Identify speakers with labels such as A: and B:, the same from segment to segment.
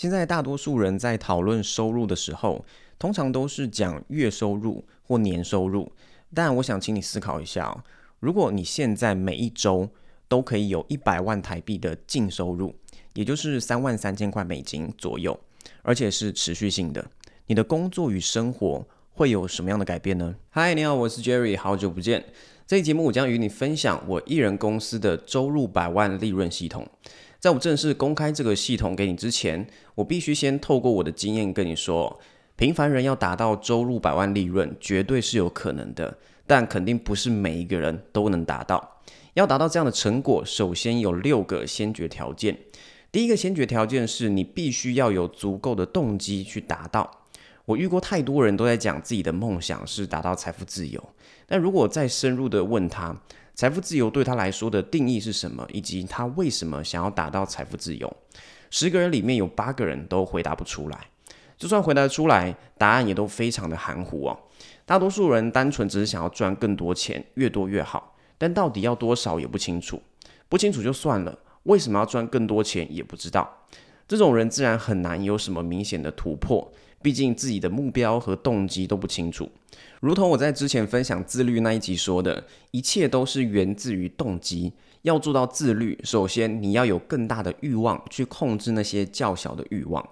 A: 現在大多數人在討論收入的時候，通常都是講月收入或年收入。但我想請你思考一下：如果你現在每一周都可以有一百萬台幣的淨收入，也就是三萬三千塊美金左右，而且是持續性的，你的工作與生活會有什麼樣的改變呢？嗨，你好，我是 Jerry，好久不見。這期節目我將與你分享我一人公司的週入百萬利潤系統。在我正式公開這個系統給你之前，我必須先透過我的經驗跟你說，平凡人要達到周入百萬利潤，絕對是有可能的，但肯定不是每一個人都能達到。要達到這樣的成果，首先有六個先決條件。第一個先決條件是你必須要有足夠的動機去達到。我遇過太多人都在講自己的夢想是達到財富自由，那如果再深入地問他，財富自由對他來說的定義是什麼，以及他為什麼想要達到財富自由？十個人裡面有八個人都回答不出來，就算回答出來，答案也都非常的含糊哦。大多數人單純只是想要賺更多錢，越多越好，但到底要多少也不清楚，不清楚就算了，為什麼要賺更多錢也不知道。這種人自然很難有什麼明顯的突破。畢竟自己的目標和動機都不清楚，如同我在之前分享自律那一集說的，一切都是源自於動機。要做到自律，首先你要有更大的欲望去控制那些較小的欲望。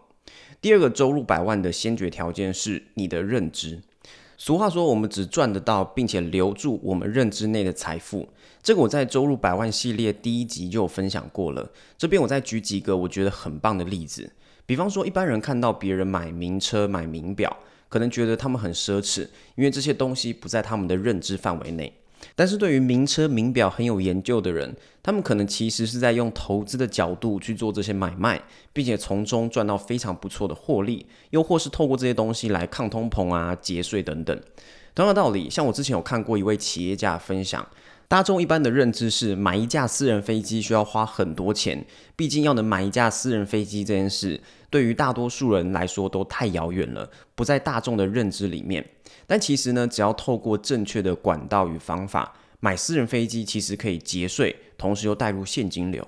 A: 第二個，週入百萬的先決條件是你的認知。俗話說，我們只賺得到並且留住我們認知內的財富。這個我在《周入百萬》系列第一集就分享過了。這邊我再舉幾個我覺得很棒的例子。比方說，一般人看到別人買名車、買名表，可能覺得他們很奢侈，因為這些東西不在他們的認知範圍內。但是，對於名車、名表很有研究的人，他們可能其實是在用投資的角度去做這些買賣，並且從中賺到非常不錯的獲利，又或是透過這些東西來抗通膨啊、節稅等等。同樣的道理，像我之前有看過一位企業家分享，大眾一般的認知是買一架私人飛機需要花很多錢，畢竟要能買一架私人飛機這件事。對於大多數人來說都太遙遠了，不在大眾的認知裡面。但其實呢，只要透過正確的管道與方法，買私人飛機其實可以節稅，同時又帶入現金流。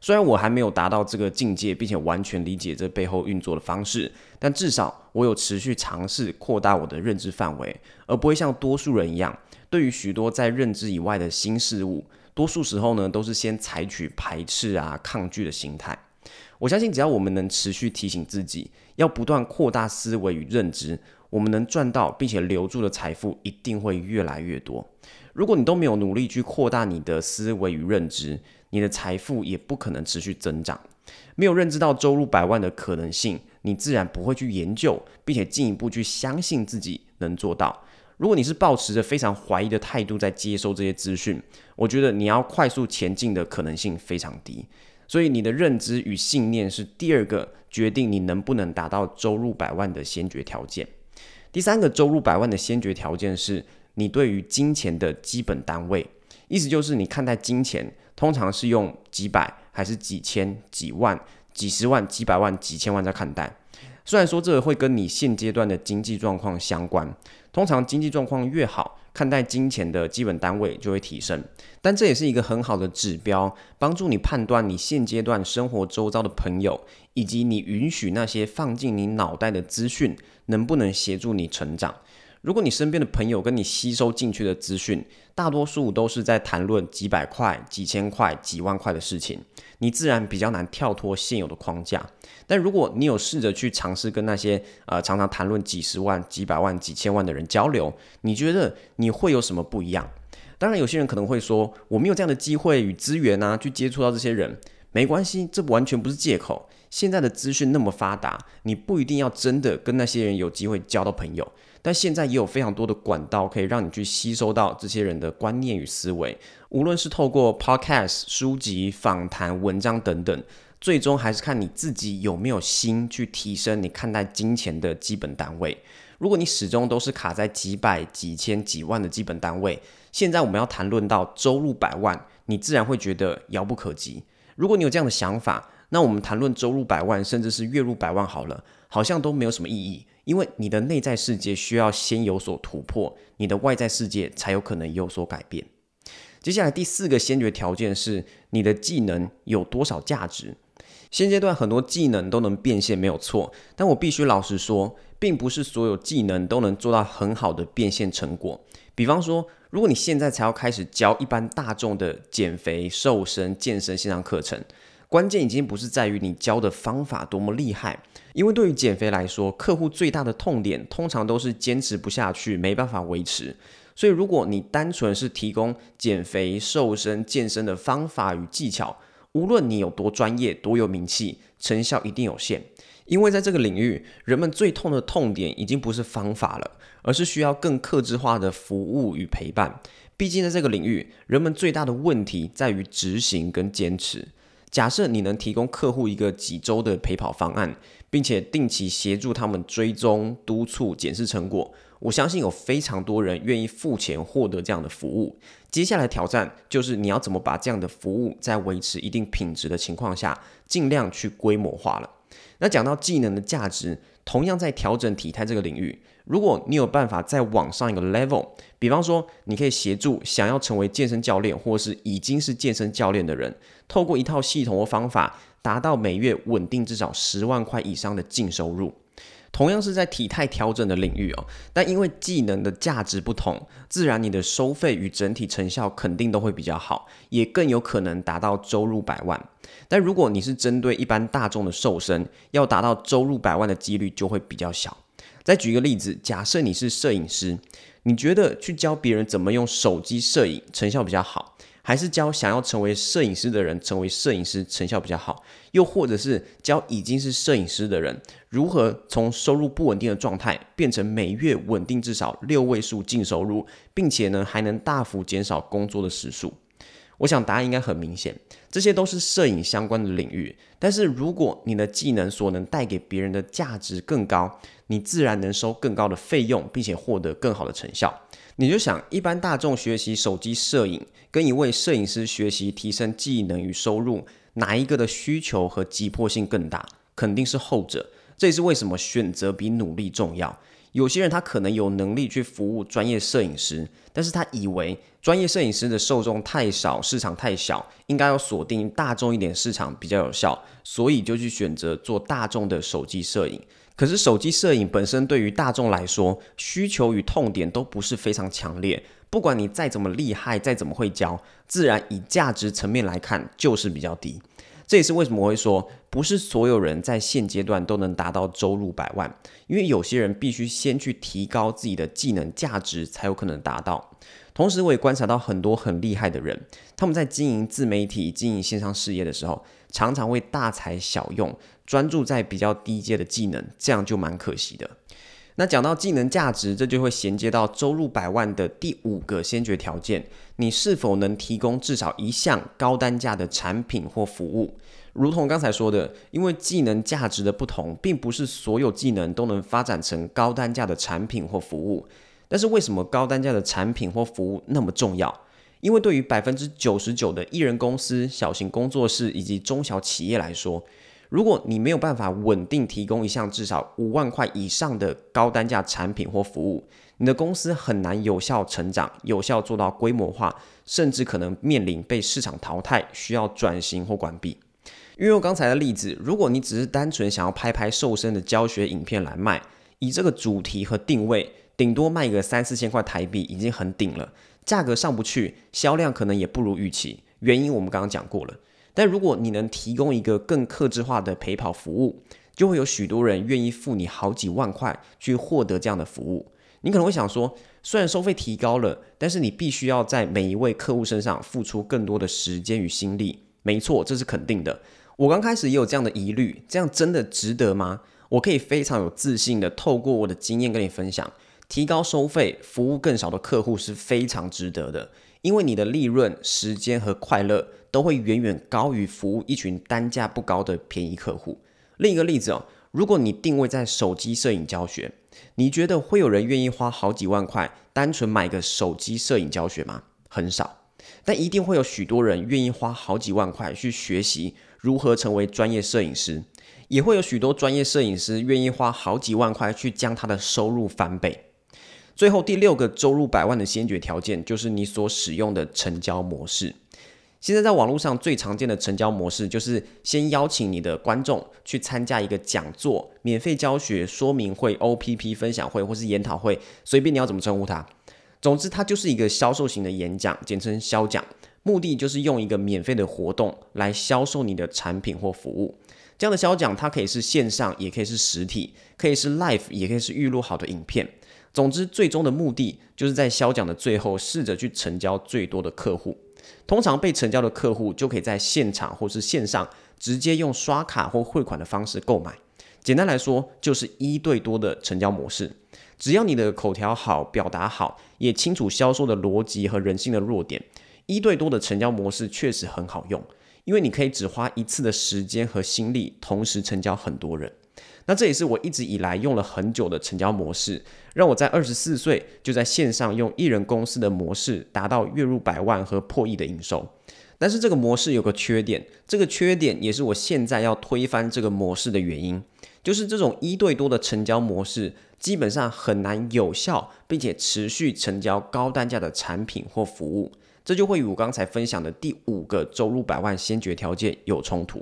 A: 雖然我還沒有達到這個境界，並且完全理解這背後運作的方式，但至少我有持續嘗試擴大我的認知範圍，而不會像多數人一樣，對於許多在認知以外的新事物，多數時候呢都是先採取排斥啊、抗拒的心態。我相信，只要我們能持續提醒自己，要不斷擴大思維與認知，我們能賺到並且留住的財富一定會越來越多。如果你都沒有努力去擴大你的思維與認知，你的財富也不可能持續增長。沒有認知到週入百萬的可能性，你自然不會去研究，並且進一步去相信自己能做到。如果你是抱持着非常懷疑的態度在接收這些資訊，我覺得你要快速前進的可能性非常低。所以你的認知與信念是第二個決定你能不能達到週入百萬的先決條件。第三個週入百萬的先決條件是你對於金錢的基本單位，意思就是你看待金錢通常是用幾百還是幾千、幾萬、幾十萬、幾百萬、幾千萬在看待。雖然說這個會跟你現階段的經濟狀況相關，通常經濟狀況越好，看待金錢的基本單位就會提升，但這也是一個很好的指標，幫助你判斷你現階段生活周遭的朋友，以及你允許那些放進你腦袋的資訊，能不能協助你成長。如果你身邊的朋友跟你吸收進去的資訊，大多數都是在談論幾百塊、幾千塊、幾萬塊的事情，你自然比較難跳脫現有的框架。但如果你有試着去嘗試跟那些呃常常談論幾十萬、幾百萬、幾千萬的人交流，你覺得你會有什麼不一樣？當然，有些人可能會說，我沒有這樣的機會與資源啊，去接觸到這些人，沒關係，這完全不是借口。現在的資訊那麼發達，你不一定要真的跟那些人有機會交到朋友，但現在也有非常多的管道可以讓你去吸收到這些人的觀念與思維，無論是透過 podcast、書籍、訪談、文章等等，最終還是看你自己有沒有心去提升你看待金錢的基本單位。如果你始終都是卡在幾百、幾千、幾萬的基本單位，現在我們要談論到週入百萬，你自然會覺得遙不可及。如果你有這樣的想法，那我們談論周入百萬，甚至是月入百萬，好了，好像都沒有什麼意義，因為你的內在世界需要先有所突破，你的外在世界才有可能有所改變。接下來第四個先決條件是你的技能有多少價值。現階段很多技能都能變現，沒有錯，但我必須老實說，並不是所有技能都能做到很好的變現成果。比方說，如果你現在才要開始教一般大眾的減肥、瘦身、健身線上課程。關鍵已經不是在於你教的方法多麼厲害，因為對於減肥來說，客戶最大的痛點通常都是堅持不下去，沒辦法維持。所以，如果你單純是提供減肥、瘦身、健身的方法與技巧，無論你有多專業、多有名氣，成效一定有限。因為在這個領域，人們最痛的痛點已經不是方法了，而是需要更客製化的服務與陪伴。畢竟，在這個領域，人們最大的問題在於執行跟堅持。假設你能提供客戶一個幾週的陪跑方案，並且定期協助他們追蹤、督促、檢視成果，我相信有非常多人願意付錢獲得這樣的服務。接下來挑戰就是你要怎麼把這樣的服務在維持一定品質的情況下，盡量去規模化了。那講到技能的價值，同樣在調整體態這個領域。如果你有辦法再往上一個 level，比方說，你可以協助想要成為健身教練，或是已經是健身教練的人，透過一套系統或方法，達到每月穩定至少十萬塊以上的淨收入。同樣是在體態調整的領域哦，但因為技能的價值不同，自然你的收費與整體成效肯定都會比較好，也更有可能達到週入百萬。但如果你是針對一般大眾的瘦身，要達到週入百萬的幾率就會比較小。再舉一個例子，假設你是攝影師，你覺得去教別人怎麼用手機攝影成效比較好，還是教想要成為攝影師的人成為攝影師成效比較好？又或者是教已經是攝影師的人如何從收入不穩定的狀態變成每月穩定至少六位數淨收入，並且呢還能大幅減少工作的時數？我想答案應該很明顯。這些都是攝影相關的領域，但是如果你的技能所能帶給別人的價值更高，你自然能收更高的費用，並且獲得更好的成效。你就想，一般大眾學習手機攝影，跟一位攝影師學習提升技能與收入，哪一個的需求和急迫性更大？肯定是後者。這也是為什麼選擇比努力重要。有些人他可能有能力去服務專業攝影師，但是他以為專業攝影師的受眾太少，市場太小，應該要鎖定大眾一點市場比較有效，所以就去選擇做大眾的手機攝影。可是手機攝影本身對於大眾來說，需求與痛點都不是非常強烈，不管你再怎麼厲害，再怎麼會教，自然以價值層面來看就是比較低。這也是為什麼我會說，不是所有人在現階段都能達到週入百萬，因為有些人必須先去提高自己的技能價值，才有可能達到。同時，我也觀察到很多很厲害的人，他們在經營自媒體、經營線上事業的時候，常常會大材小用，專注在比較低階的技能，這樣就蠻可惜的。那講到技能價值，這就會銜接到週入百萬的第五個先決條件：你是否能提供至少一項高單價的產品或服務？如同剛才說的，因為技能價值的不同，並不是所有技能都能發展成高單價的產品或服務。但是為什麼高單價的產品或服務那麼重要？因為對於百分之九十九的一人公司、小型工作室以及中小企業來說，如果你沒有辦法穩定提供一項至少五萬塊以上的高單價產品或服務，你的公司很難有效成長，有效做到規模化，甚至可能面臨被市場淘汰，需要轉型或關閉。運用剛才的例子，如果你只是單純想要拍拍瘦身的教學影片來賣，以這個主題和定位，頂多賣個三四千塊台幣已經很頂了，價格上不去，銷量可能也不如預期，原因我們剛剛講過了。但如果你能提供一個更客製化的陪跑服務，就會有許多人願意付你好幾萬塊去獲得這樣的服務。你可能會想說，雖然收費提高了，但是你必須要在每一位客戶身上付出更多的時間與心力。沒錯，這是肯定的。我剛開始也有這樣的疑慮，這樣真的值得嗎？我可以非常有自信地透過我的經驗跟你分享。提高收費，服務更少的客戶是非常值得的，因為你的利潤、時間和快樂都會遠遠高於服務一群單價不高的便宜客戶。另一個例子哦，如果你定位在手機攝影教學，你覺得會有人願意花好幾萬塊單純買個手機攝影教學嗎？很少，但一定會有許多人願意花好幾萬塊去學習如何成為專業攝影師，也會有許多專業攝影師願意花好幾萬塊去將他的收入翻倍。最後第六個周入百萬的先決條件就是你所使用的成交模式。現在在網絡上最常見的成交模式就是先邀請你的觀眾去參加一個講座、免費教學說明會、OPP 分享會或是研討會，隨便你要怎麼稱呼它。總之，它就是一個銷售型的演講，簡稱銷講。目的就是用一個免費的活動來銷售你的產品或服務。這樣的銷講，它可以是線上，也可以是實體，可以是 live，也可以是預錄好的影片。總之，最終的目的就是在銷講的最後，試着去成交最多的客戶。通常被成交的客戶就可以在現場或是線上，直接用刷卡或匯款的方式購買。簡單來說，就是一對多的成交模式。只要你的口條好，表達好，也清楚銷售的邏輯和人性的弱點，一對多的成交模式確實很好用，因為你可以只花一次的時間和心力，同時成交很多人。那這也是我一直以來用了很久的成交模式，讓我在二十四歲就在線上用一人公司的模式達到月入百萬和破億的營收。但是這個模式有個缺點，這個缺點也是我現在要推翻這個模式的原因，就是這種一對多的成交模式，基本上很難有效，並且持續成交高單價的產品或服務。這就會與我剛才分享的第五個周入百萬先決條件有衝突，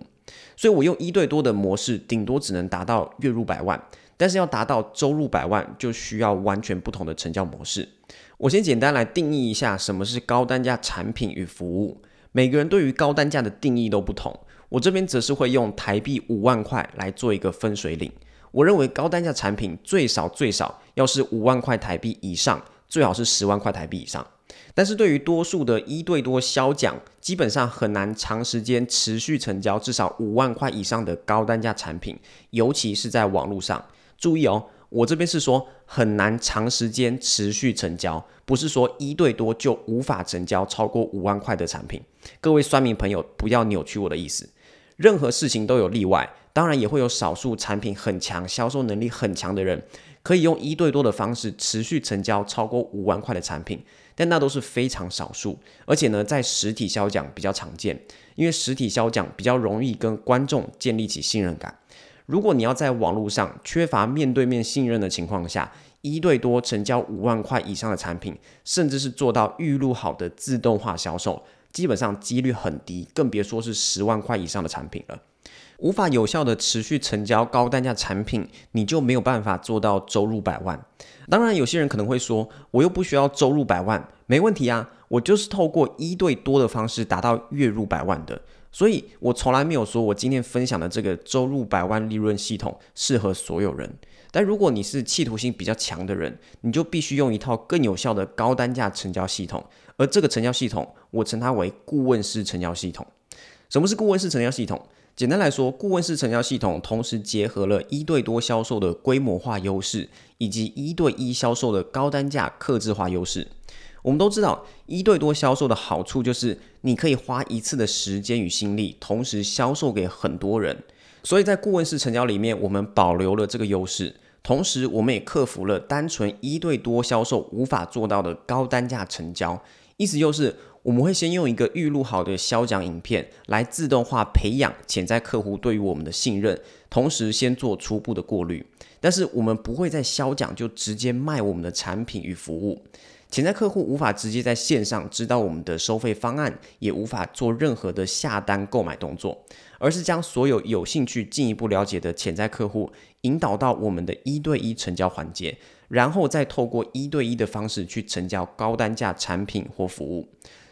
A: 所以我用一對多的模式，頂多只能達到月入百萬，但是要達到周入百萬，就需要完全不同的成交模式。我先簡單來定義一下什麼是高單價產品與服務。每個人對於高單價的定義都不同，我這邊則是會用台幣五萬塊來做一個分水嶺。我認為高單價產品最少最少要是五萬塊台幣以上，最好是十萬塊台幣以上。但是對於多數的一對多銷講，基本上很難長時間持續成交至少五萬塊以上的高單價產品，尤其是在網絡上。注意哦，我這邊是說很難長時間持續成交，不是說一對多就無法成交超過五萬塊的產品。各位酸民朋友，不要扭曲我的意思。任何事情都有例外，當然也會有少數產品很強、銷售能力很強的人，可以用一對多的方式持續成交超過五萬塊的產品。但那都是非常少數，而且呢，在實體銷講比較常見，因為實體銷講比較容易跟觀眾建立起信任感。如果你要在網絡上缺乏面對面信任的情況下，一對多成交五萬塊以上的產品，甚至是做到預錄好的自動化銷售，基本上幾率很低，更別說是十萬塊以上的產品了。無法有效地持續成交高單價產品，你就沒有辦法做到周入百萬。當然，有些人可能會說，我又不需要週入百萬，沒問題啊，我就是透過一對多的方式達到月入百萬的。所以我從來沒有說我今天分享的這個週入百萬利潤系統適合所有人。但如果你是企圖心比較強的人，你就必須用一套更有效的高單價成交系統。而這個成交系統，我稱它為顧問式成交系統。什麼是顧問式成交系統？簡單來說，顧問式成交系統同時結合了一對多銷售的規模化優勢，以及一對一銷售的高單價、客製化優勢。我們都知道，一對多銷售的好處就是你可以花一次的時間與心力，同時銷售給很多人。所以在顧問式成交裡面，我們保留了這個優勢，同時我們也克服了單純一對多銷售無法做到的高單價成交。意思就是，我們會先用一個預錄好的銷講影片來自動化培養潛在客戶對於我們的信任，同時先做初步的過濾。但是我們不會在銷講就直接賣我們的產品與服務。潛在客戶無法直接在線上知道我們的收費方案，也無法做任何的下單購買動作，而是將所有有興趣進一步了解的潛在客戶引導到我們的一對一成交環節，然後再透過一對一的方式去成交高單價產品或服務。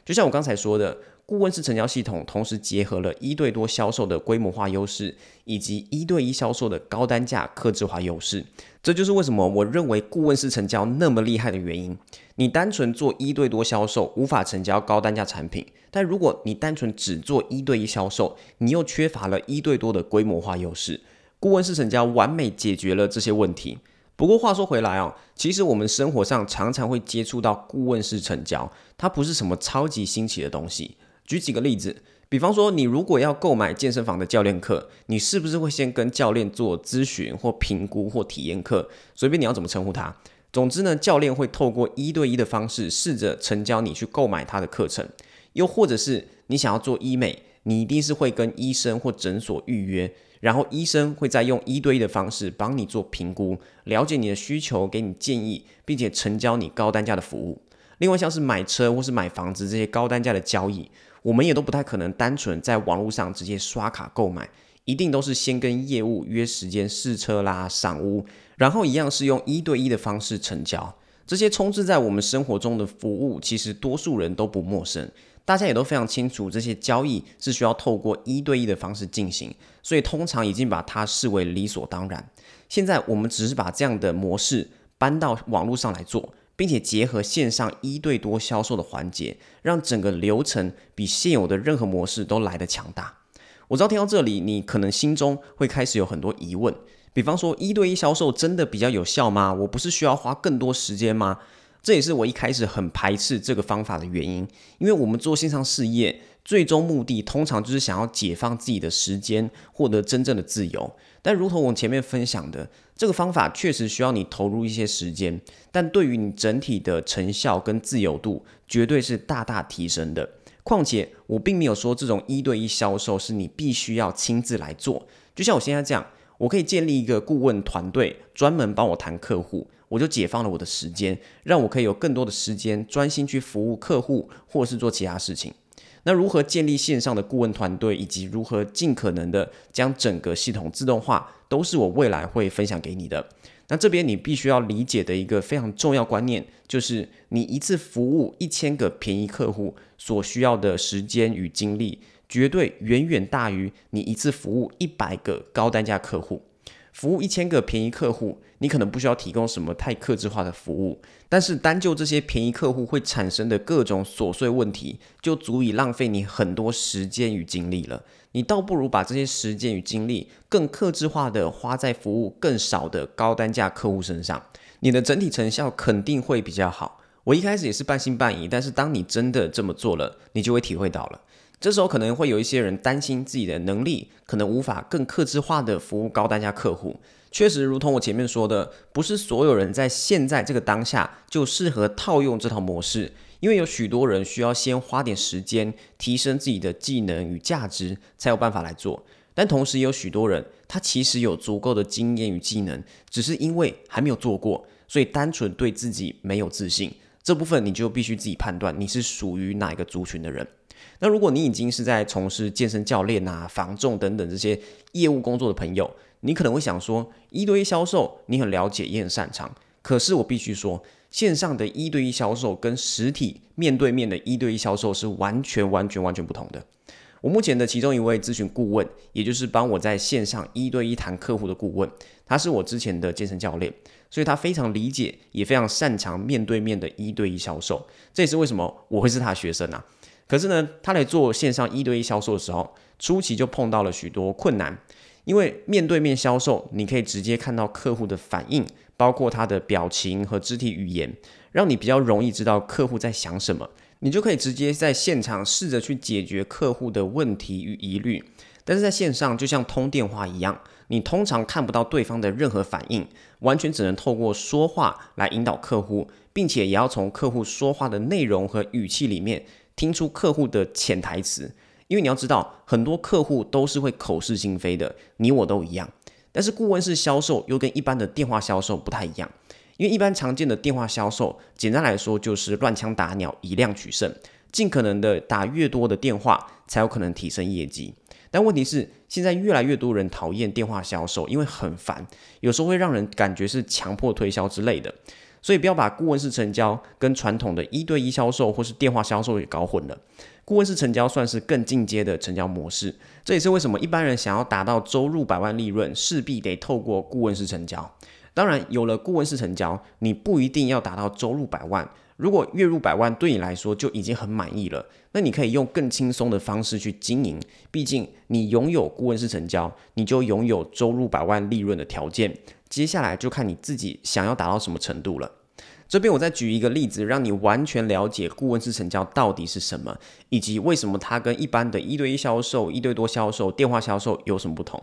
A: 就像我剛才說的，顧問式成交系統同時結合了一對多銷售的規模化優勢，以及一對一銷售的高單價、客制化優勢。這就是為什麼我認為顧問式成交那麼厲害的原因。你單純做一對多銷售，無法成交高單價產品；但如果你單純只做一對一銷售，你又缺乏了一對多的規模化優勢。顧問式成交完美解決了這些問題。不過話說回來哦，其實我們生活上常常會接觸到顧問式成交，它不是什麼超級新奇的東西。舉幾個例子，比方說你如果要購買健身房的教練課，你是不是會先跟教練做諮詢或評估或體驗課，隨便你要怎麼稱呼他。總之呢，教練會透過一對一的方式試着成交你去購買他的課程，又或者是你想要做醫美，你一定是會跟醫生或診所預約。然後醫生會再用一對一的方式幫你做評估，了解你的需求，給你建議，並且成交你高單價的服務。另外，像是買車或是買房子這些高單價的交易，我們也都不太可能單純在網絡上直接刷卡購買，一定都是先跟業務約時間試車啦、賞屋，然後一樣是用一對一的方式成交。這些充斥在我們生活中的服務，其實多數人都不陌生。大家也都非常清楚，這些交易是需要透過一對一的方式進行，所以通常已經把它視為理所當然。現在我們只是把這樣的模式搬到網絡上來做，並且結合線上一對多銷售的環節，讓整個流程比現有的任何模式都來得強大。我知道聽到這裡，你可能心中會開始有很多疑問，比方說一對一銷售真的比較有效嗎？我不是需要花更多時間嗎？這也是我一開始很排斥這個方法的原因，因為我們做線上事業，最終目的通常就是想要解放自己的時間，獲得真正的自由。但如同我前面分享的，這個方法確實需要你投入一些時間，但對於你整體的成效跟自由度，絕對是大大提升的。況且，我並沒有說這種一對一銷售是你必須要親自來做，就像我現在這樣，我可以建立一個顧問團隊，專門幫我談客戶。我就解放了我的時間，讓我可以有更多的時間專心去服務客戶，或是做其他事情。那如何建立線上的顧問團隊，以及如何盡可能的將整個系統自動化，都是我未來會分享給你的。那這邊你必須要理解的一個非常重要觀念，就是你一次服務一千個便宜客戶所需要的時間與精力，絕對遠遠大於你一次服務一百個高單價客戶。服務一千個便宜客戶，你可能不需要提供什麼太客製化的服務，但是單就這些便宜客戶會產生的各種瑣碎問題，就足以浪費你很多時間與精力了。你倒不如把這些時間與精力更客製化地花在服務更少的高單價客戶身上，你的整體成效肯定會比較好。我一開始也是半信半疑，但是當你真的這麼做了，你就會體會到了。這時候可能會有一些人擔心自己的能力可能無法更客製化的服務高單價客戶。確實，如同我前面說的，不是所有人在現在這個當下就適合套用這套模式，因為有許多人需要先花點時間提升自己的技能與價值，才有辦法來做。但同時也有許多人，他其實有足夠的經驗與技能，只是因為還沒有做過，所以單純對自己沒有自信。這部分你就必須自己判斷你是屬於哪一個族群的人。那如果你已經是在從事健身教練吶、房仲等等這些業務工作的朋友，你可能會想說，一對一銷售你很了解也很擅長。可是我必須說，線上的一對一銷售跟實體面對面的一對一銷售是完全完全完全不同的。我目前的其中一位諮詢顧問，也就是幫我在線上一對一談客戶的顧問，他是我之前的健身教練，所以他非常理解也非常擅長面對面的一對一銷售。這也是為什麼我會是他學生啊。可是呢，他來做線上一對一銷售的時候，初期就碰到了許多困難。因為面對面銷售，你可以直接看到客戶的反應，包括他的表情和肢體語言，讓你比較容易知道客戶在想什麼。你就可以直接在現場試着去解決客戶的問題與疑慮。但是在線上，就像通電話一樣，你通常看不到對方的任何反應，完全只能透過說話來引導客戶，並且也要從客戶說話的內容和語氣裡面。聽出客戶的潛台詞，因為你要知道，很多客戶都是會口是心非的，你我都一樣。但是顧問式銷售又跟一般的電話銷售不太一樣，因為一般常見的電話銷售，簡單來說就是亂槍打鳥，以量取勝，儘可能的打越多的電話，才有可能提升業績。但問題是，現在越來越多人討厭電話銷售，因為很煩，有時候會讓人感覺是強迫推銷之類的。所以不要把顧問式成交跟傳統的一對一銷售或是電話銷售給搞混了。顧問式成交算是更進階的成交模式，這也是為什麼一般人想要達到周入百萬利潤，勢必得透過顧問式成交。當然，有了顧問式成交，你不一定要達到周入百萬。如果月入百萬對你來說就已經很滿意了，那你可以用更輕鬆的方式去經營。畢竟你擁有顧問式成交，你就擁有周入百萬利潤的條件。接下來就看你自己想要達到什麼程度了。這邊我再舉一個例子，讓你完全了解顧問式成交到底是什麼，以及為什麼它跟一般的一對一銷售、一對多銷售、電話銷售有什麼不同。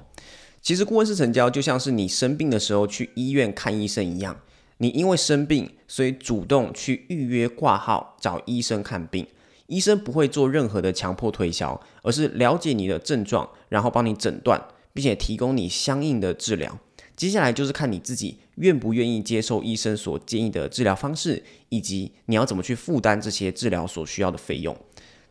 A: 其實顧問式成交就像是你生病的時候去醫院看醫生一樣，你因為生病，所以主動去預約掛號找醫生看病。醫生不會做任何的強迫推銷，而是了解你的症狀，然後幫你診斷，並且提供你相應的治療。接下來就是看你自己願不願意接受醫生所建議的治療方式，以及你要怎麼去負擔這些治療所需要的費用。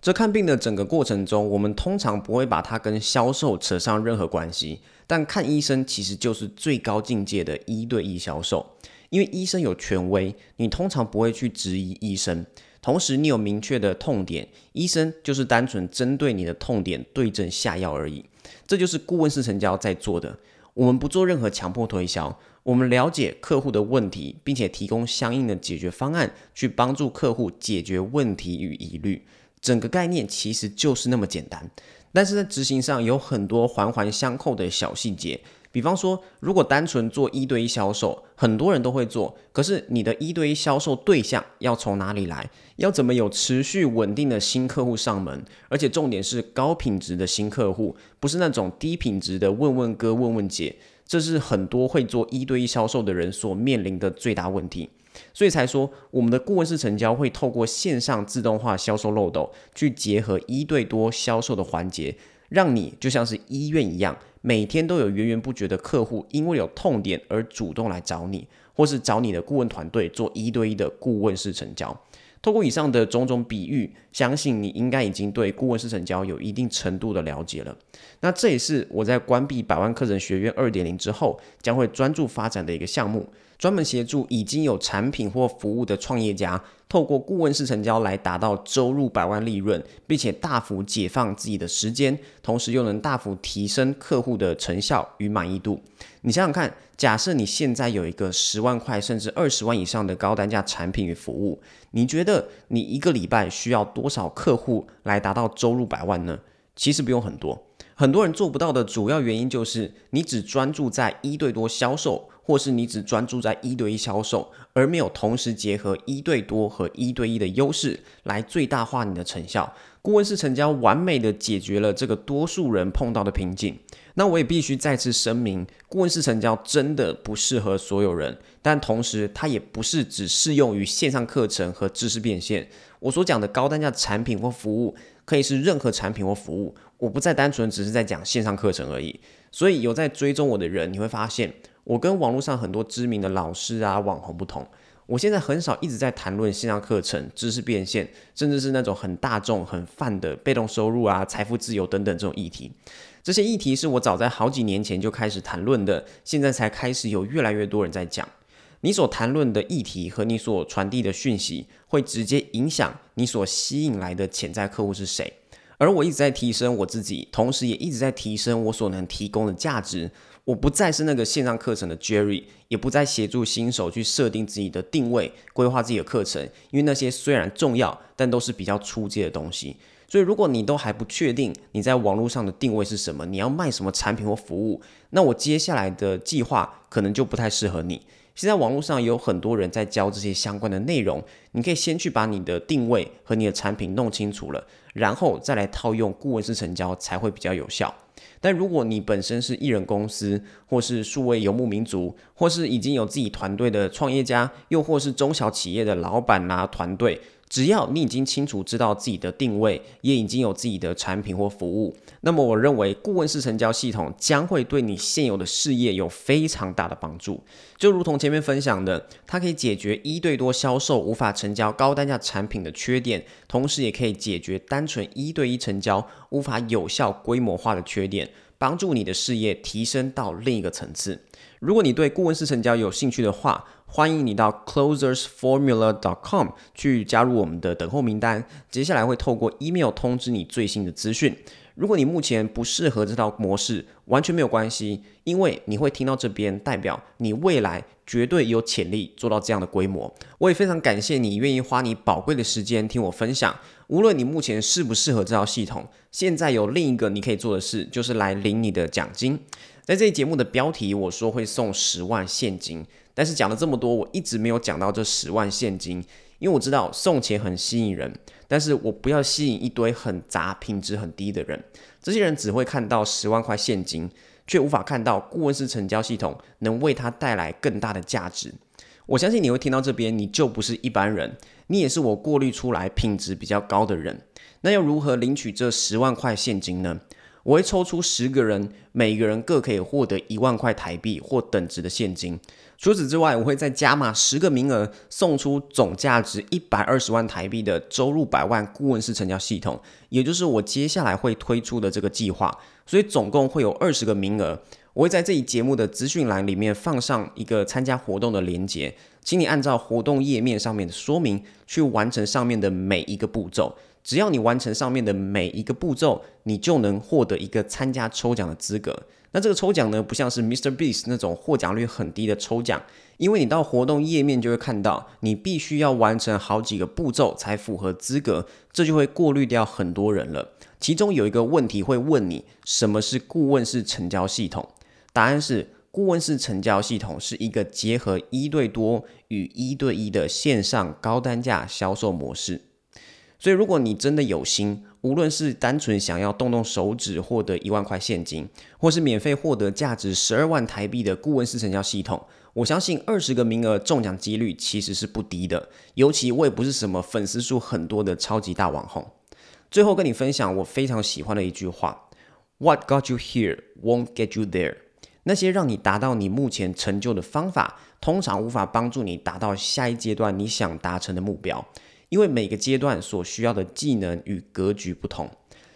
A: 在看病的整個過程中，我們通常不會把它跟銷售扯上任何關係。但看醫生其實就是最高境界的一對一銷售，因為醫生有權威，你通常不會去質疑醫生。同時，你有明確的痛點，醫生就是單純針對你的痛點對症下藥而已。這就是顧問式成交在做的。我們不做任何強迫推銷，我們了解客戶的問題，並且提供相應的解決方案，去幫助客戶解決問題與疑慮。整個概念其實就是那麼簡單，但是在執行上有很多環環相扣的小細節。比方說，如果單純做一對一銷售，很多人都會做。可是你的一對一銷售對象要從哪裡來？要怎麼有持續穩定的新客戶上門？而且重點是高品質的新客戶，不是那種低品質的問問哥、問問姐。這是很多會做一對一銷售的人所面臨的最大問題。所以才說，我們的顧問式成交會透過線上自動化銷售漏斗，去結合一對多銷售的環節，讓你就像是醫院一樣。每天都有源源不絕的客戶，因為有痛點而主動來找你，或是找你的顧問團隊做一對一的顧問式成交。透過以上的種種比喻。相信你應該已經對顧問式成交有一定程度的了解了。那這也是我在關閉百萬課程學院二點零之後，將會專注發展的一個項目，專門協助已經有產品或服務的創業家，透過顧問式成交來達到周入百萬利潤，並且大幅解放自己的時間，同時又能大幅提升客戶的成效與滿意度。你想想看，假設你現在有一個十萬塊甚至二十萬以上的高單價產品與服務，你覺得你一個禮拜需要多多少客戶來達到週入百萬呢？其實不用很多，很多人做不到的主要原因就是你只專注在一對多銷售，或是你只專注在一對一銷售，而沒有同時結合一對多和一對一的優勢來最大化你的成效。顧問式成交完美的解決了這個多數人碰到的瓶頸。那我也必須再次聲明，顧問式成交真的不適合所有人，但同時它也不是只適用於線上課程和知識變現。我所講的高單價產品或服務，可以是任何產品或服務。我不再單純只是在講線上課程而已。所以有在追蹤我的人，你會發現我跟網絡上很多知名的老師啊、網紅不同。我現在很少一直在談論線上課程、知識變現，甚至是那種很大眾、很泛的被動收入啊、財富自由等等這種議題。這些議題是我早在好幾年前就開始談論的，現在才開始有越來越多人在講。你所談論的議題和你所傳遞的訊息，會直接影響你所吸引來的潛在客戶是誰。而我一直在提升我自己，同時也一直在提升我所能提供的價值。我不再是那個線上課程的 Jerry，也不再協助新手去設定自己的定位、規劃自己的課程，因為那些雖然重要，但都是比較初級的東西。所以，如果你都還不確定你在網絡上的定位是什麼，你要賣什麼產品或服務，那我接下來的計劃可能就不太適合你。現在網絡上也有很多人在教這些相關的內容，你可以先去把你的定位和你的產品弄清楚了，然後再來套用顧問式成交才會比較有效。但如果你本身是一人公司，或是數位游牧民族，或是已經有自己團隊的創業家，又或是中小企業的老闆啊、團隊。只要你已經清楚知道自己的定位，也已經有自己的產品或服務，那麼我認為顧問式成交系統將會對你現有的事業有非常大的幫助。就如同前面分享的，它可以解決一對多銷售無法成交高單價產品的缺點，同時也可以解決單純一對一成交無法有效規模化的缺點，幫助你的事業提升到另一個層次。如果你對顧問式成交有興趣的話，歡迎你到 closersformula.com 去加入我們的等候名單。接下來會透過 email 通知你最新的資訊。如果你目前不適合這套模式，完全沒有關係，因為你會聽到這邊，代表你未來絕對有潛力做到這樣的規模。我也非常感謝你願意花你寶貴的時間聽我分享。無論你目前適不適合這套系統，現在有另一個你可以做的事，就是來領你的獎金。在這節目的標題，我說會送十萬現金，但是講了這麼多，我一直沒有講到這十萬現金，因為我知道送錢很吸引人，但是我不要吸引一堆很雜、品質很低的人，這些人只會看到十萬塊現金，卻無法看到顧問式成交系統能為他帶來更大的價值。我相信你會聽到這邊，你就不是一般人，你也是我過濾出來品質比較高的人。那要如何領取這十萬塊現金呢？我會抽出十個人，每一個人各可以獲得一萬塊台幣或等值的現金。除此之外，我會再加碼十個名額，送出總價值一百二十萬台幣的周入百萬顧問式成交系統，也就是我接下來會推出的這個計劃。所以總共會有二十個名額，我會在這一節目的資訊欄裡面放上一個參加活動的鏈接，請你按照活動頁面上面的說明去完成上面的每一個步驟。只要你完成上面的每一個步驟，你就能獲得一個參加抽獎的資格。那這個抽獎呢，不像是 Mr. Beast 那種獲獎率很低的抽獎，因為你到活動頁面就會看到，你必須要完成好幾個步驟才符合資格，這就會過濾掉很多人了。其中有一個問題會問你，什麼是顧問式成交系統？答案是，顧問式成交系統是一個結合一對多與一對一的線上高單價銷售模式。所以，如果你真的有心，無論是單純想要動動手指獲得一萬塊現金，或是免費獲得價值十二萬台幣的顧問式成交系統，我相信二十個名額中獎幾率其實是不低的。尤其我也不是什麼粉絲數很多的超級大網紅。最後，跟你分享我非常喜歡的一句話：What got you here won't get you there。那些讓你達到你目前成就的方法，通常無法幫助你達到下一階段你想達成的目標。因為每個階段所需要的技能與格局不同，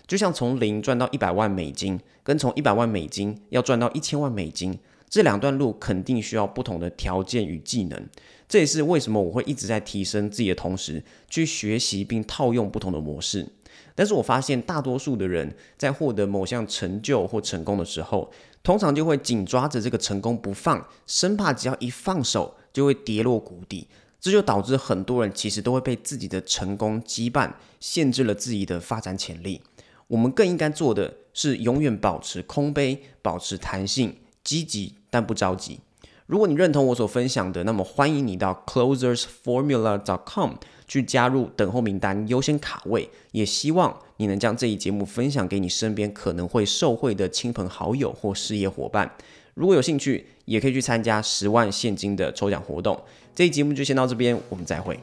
A: 就像從零賺到一百萬美金，跟從一百萬美金要賺到一千萬美金，這兩段路肯定需要不同的條件與技能。這也是為什麼我會一直在提升自己的同時，去學習並套用不同的模式。但是我發現大多數的人在獲得某項成就或成功的時候，通常就會緊抓着這個成功不放，生怕只要一放手就會跌落谷底。這就導致很多人其實都會被自己的成功羈絆，限制了自己的發展潛力。我們更應該做的是永遠保持空杯，保持彈性，積極但不着急。如果你認同我所分享的，那麼歡迎你到 closersformula.com 去加入等候名單，優先卡位。也希望你能將這一節目分享給你身邊可能會受惠的親朋好友或事業夥伴。如果有興趣，也可以去參加十萬現金的抽獎活動。這一節目就先到這邊，我們再會。